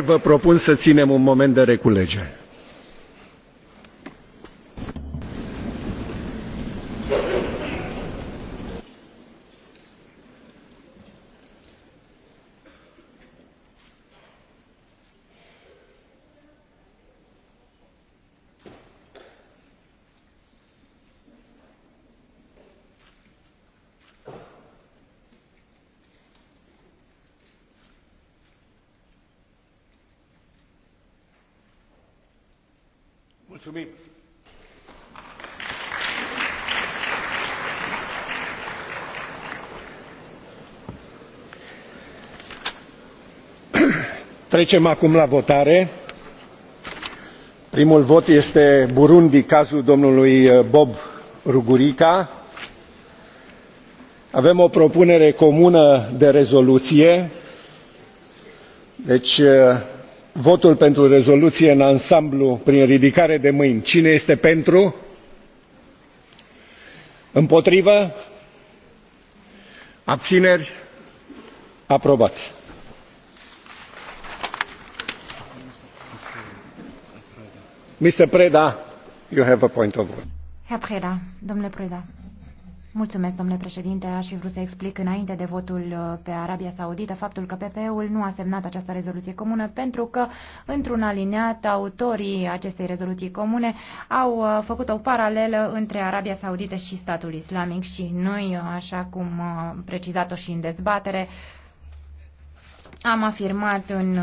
vă propun să ținem un moment de reculegere. Mulțumim! Trecem acum la votare. Primul vot este Burundi, cazul domnului uh, Bob Rugurica. Avem o propunere comună de rezoluție. Deci uh, votul pentru rezoluție în ansamblu prin ridicare de mâini cine este pentru împotrivă abțineri aprobat. Mr. Preda, you have a point of order. Herr Preda, domnule Preda. Mulțumesc, domnule președinte. Aș fi vrut să explic înainte de votul uh, pe Arabia Saudită faptul că PPE-ul nu a semnat această rezoluție comună pentru că, într-un alineat, autorii acestei rezoluții comune au uh, făcut o paralelă între Arabia Saudită și statul islamic și noi, uh, așa cum precizat-o și în dezbatere, am afirmat în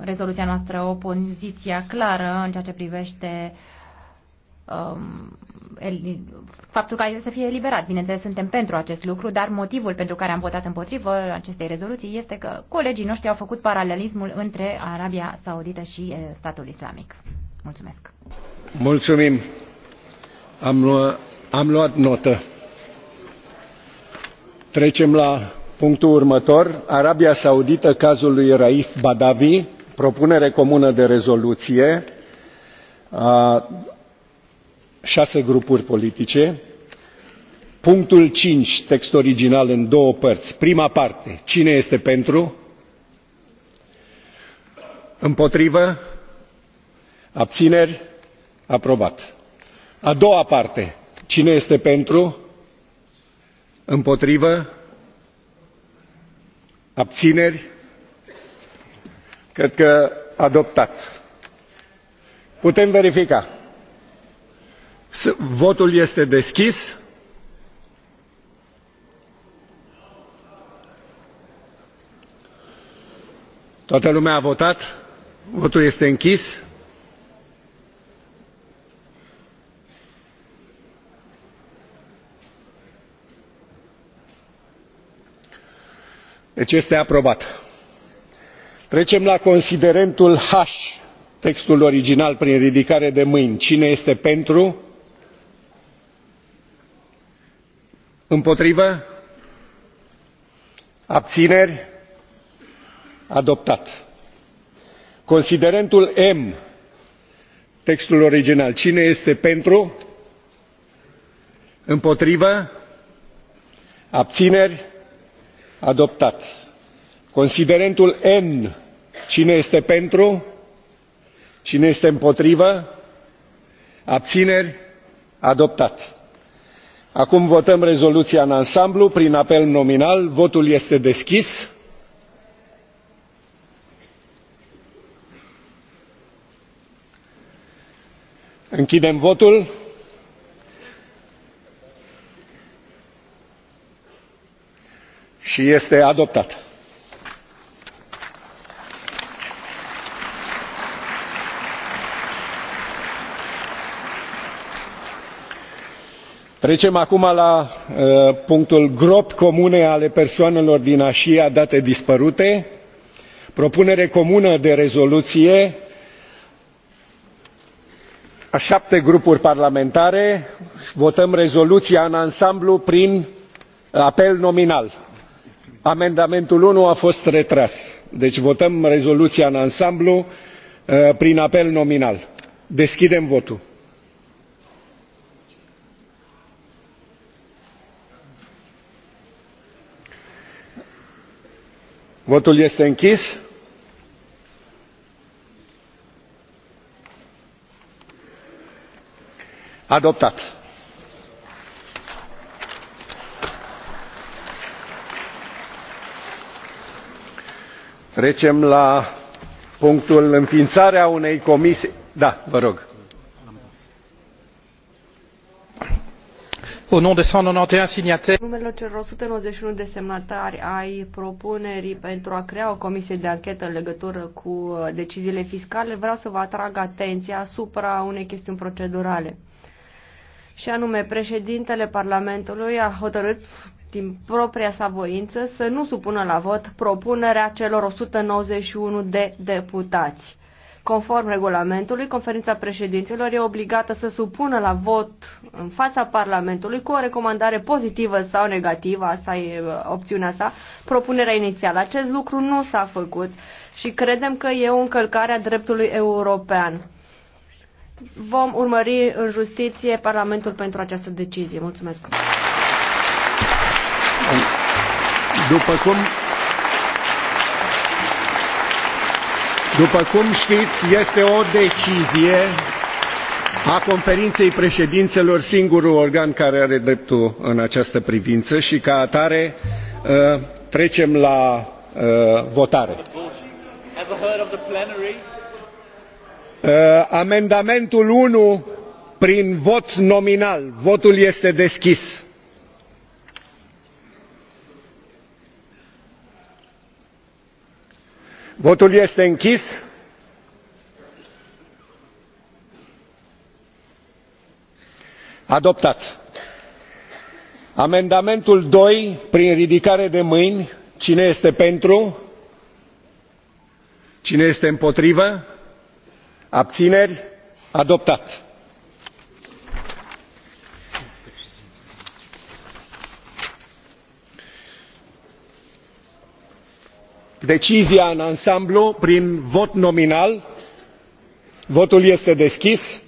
rezoluția noastră o poziție clară în ceea ce privește uh, um, el, faptul că el să fie eliberat. Bineînțeles, suntem pentru acest lucru, dar motivul pentru care am votat împotrivă acestei rezoluții este că colegii noștri au făcut paralelismul între Arabia Saudită și statul islamic. Mulțumesc. Mulțumim. Am luat, am luat notă. Trecem la punctul următor. Arabia Saudită, cazul lui Raif Badavi, propunere comună de rezoluție șase grupuri politice punctul cinci text original în două părți prima parte cine este pentru împotrivă abțineri aprobat a doua parte cine este pentru împotrivă abțineri cred că adoptat putem verifica votul este deschis toată lumea a votat votul este închis deci este aprobat. trecem la considerentul h textul original prin ridicare de mâini cine este pentru? împotrivă abțineri adoptat considerentul m textul original cine este pentru împotrivă abțineri adoptat considerentul n cine este pentru cine este împotrivă abțineri adoptat acum votăm rezoluția în ansamblu prin apel nominal votul este deschis închidem votul și este adoptată. trecem acum la uh, punctul gropi comune ale persoanelor din așia date dispărute propunere comună de rezoluție a șapte grupuri parlamentare votăm rezoluția în ansamblu prin apel nominal. amendamentul unu a fost retras deci votăm rezoluția în ansamblu uh, prin apel nominal. deschidem votul. votul este închis. adoptat. trecem la punctul înființarea unei comisii da vă rog. au nom de 191 signataires. Numele celor 191 de semnatari ai propunerii pentru a crea o comisie de anchetă în legătură cu uh, deciziile fiscale, vreau să vă atrag atenția asupra unei chestiuni procedurale. Și anume, președintele Parlamentului a hotărât din propria sa voință să nu supună la vot propunerea celor 191 de deputați. Conform regulamentului, conferința președinților e obligată să supună la vot în fața Parlamentului cu o recomandare pozitivă sau negativă, asta e uh, opțiunea sa, propunerea inițială. Acest lucru nu s-a făcut și credem că e o încălcare a dreptului european. Vom urmări în justiție Parlamentul pentru această decizie. Mulțumesc! După cum După cum știți, este o decizie a conferinței președinților singurul organ care are dreptul în această privință și ca atare uh, trecem la uh, votare. Uh, amendamentul 1 prin vot nominal. Votul este deschis. votul este închis. adoptat. amendamentul doi prin ridicare de mâini cine este pentru? cine este împotrivă? abțineri? adoptat decizia în ansamblu prin vot nominal votul este deschis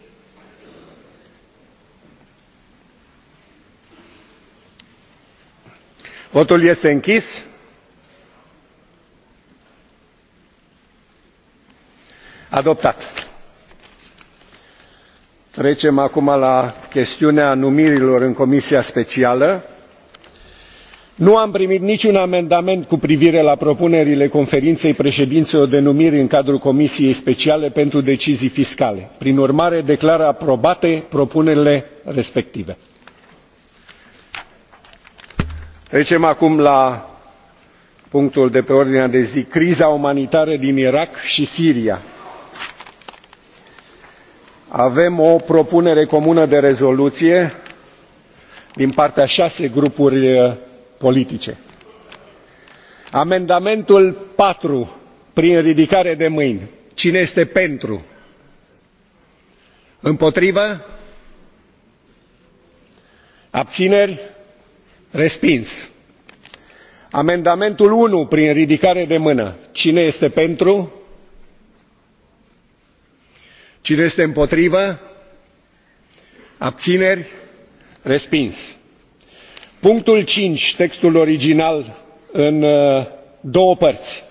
votul este închis adoptat. trecem acum la chestiunea numirilor în comisia specială nu am primit niciun amendament cu privire la propunerile conferinței președinților de numiri în cadrul comisiei speciale pentru decizii fiscale. prin urmare declar aprobate propunerile respective. trecem acum la punctul de pe ordinea de zi criza umanitară din irak și siria. avem o propunere comună de rezoluție din partea a șase grupuri politice. amendamentul patru prin ridicare de mâini cine este pentru? împotrivă? abțineri? respins. amendamentul unu prin ridicare de mână cine este pentru? cine este împotrivă? abțineri? respins punctul cinci textul original în uh, două părți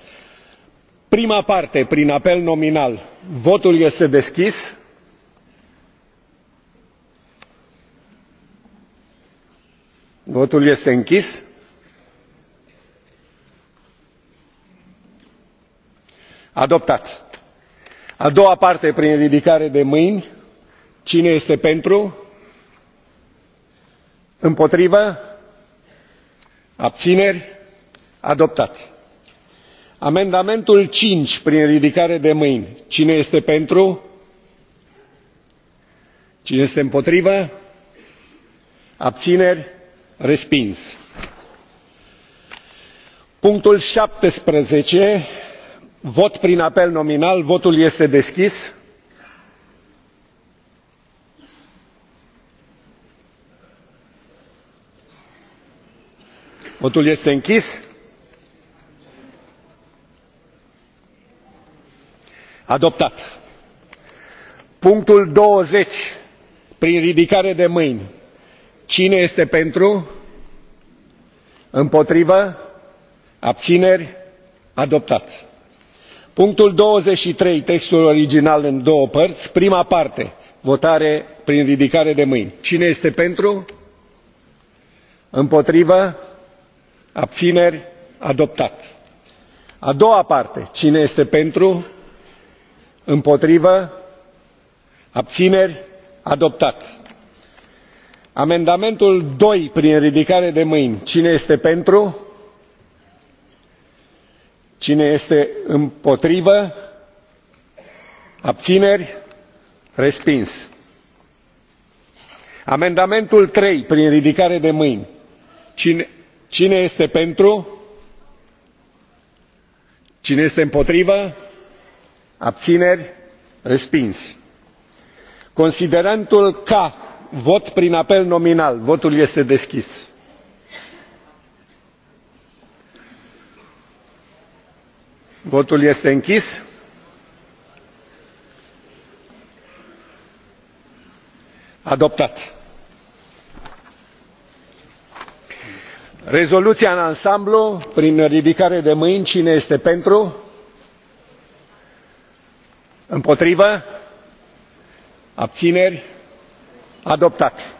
prima parte prin apel nominal votul este deschis votul este închis adoptat a doua parte prin ridicare de mâini cine este pentru împotrivă abțineri adoptat amendamentul cinci prin ridicare de mâini cine este pentru cine este împotrivă abțineri respins punctul șaptesprezece vot prin apel nominal votul este deschis votul este închis. adoptat. punctul douăzeci prin ridicare de mâini cine este pentru? împotrivă? abțineri? adoptat. punctul douăzeci și trei textul original în două părți prima parte votare prin ridicare de mâini cine este pentru? împotrivă? abțineri adoptat a doua parte cine este pentru împotrivă abțineri adoptat amendamentul doi prin ridicare de mâini cine este pentru cine este împotrivă abțineri respins amendamentul trei prin ridicare de mâini cine, Cine este pentru? Cine este împotrivă? Abțineri? Respins. Considerentul K, vot prin apel nominal. Votul este deschis. Votul este închis. Adoptat. rezoluția în ansamblu prin ridicare de mâini cine este pentru? împotrivă? abțineri? adoptat.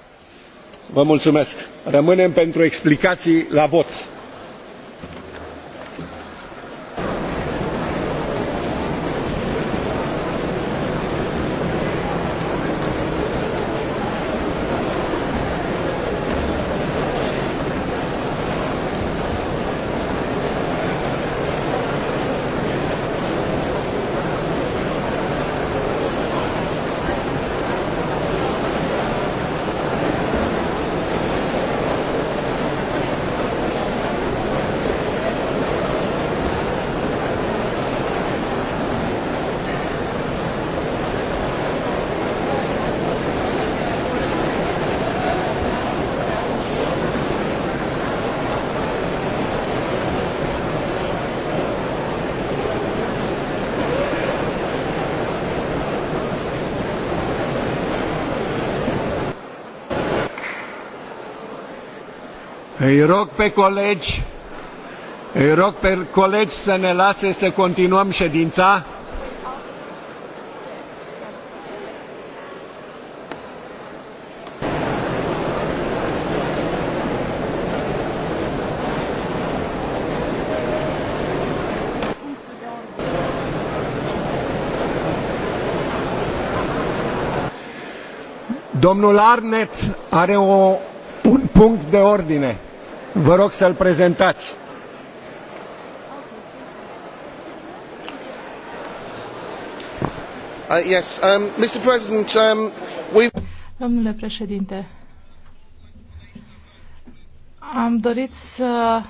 vă mulțumesc. rămânem pentru explicații la vot. Îi rog pe colegi, îi rog pe colegi să ne lase să continuăm ședința. Domnul Arnet are o, un punct de ordine. Vă rog să-l prezentați. Uh, yes, um, Mr. President, um, we've... Domnule președinte, am dorit să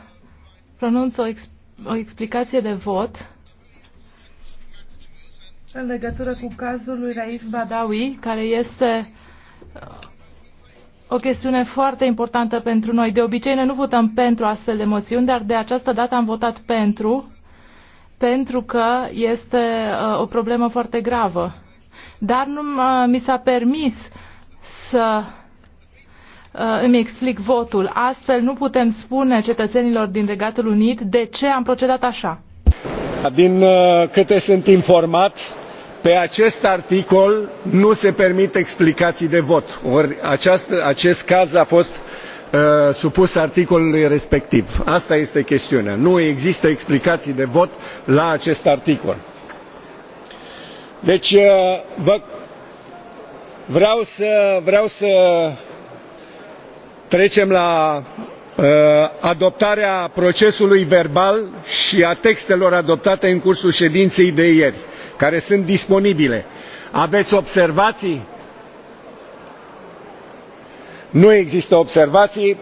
pronunț o, ex o explicație de vot în legătură cu cazul lui Raif Badawi, care este o chestiune foarte importantă pentru noi. De obicei noi nu votăm pentru astfel de moțiuni, dar de această dată am votat pentru, pentru că este uh, o problemă foarte gravă. Dar nu uh, mi s-a permis să uh, îmi explic votul. Astfel nu putem spune cetățenilor din Regatul Unit de ce am procedat așa. Din uh, câte sunt informat, pe acest articol nu se permit explicații de vot ori acest caz a fost uh, supus articolului respectiv. Asta este chestiunea. Nu există explicații de vot la acest articol. Deci uh, vă, vreau, să, vreau să trecem la uh, adoptarea procesului verbal și a textelor adoptate în cursul ședinței de ieri care sunt disponibile. Aveți observații? Nu există observații.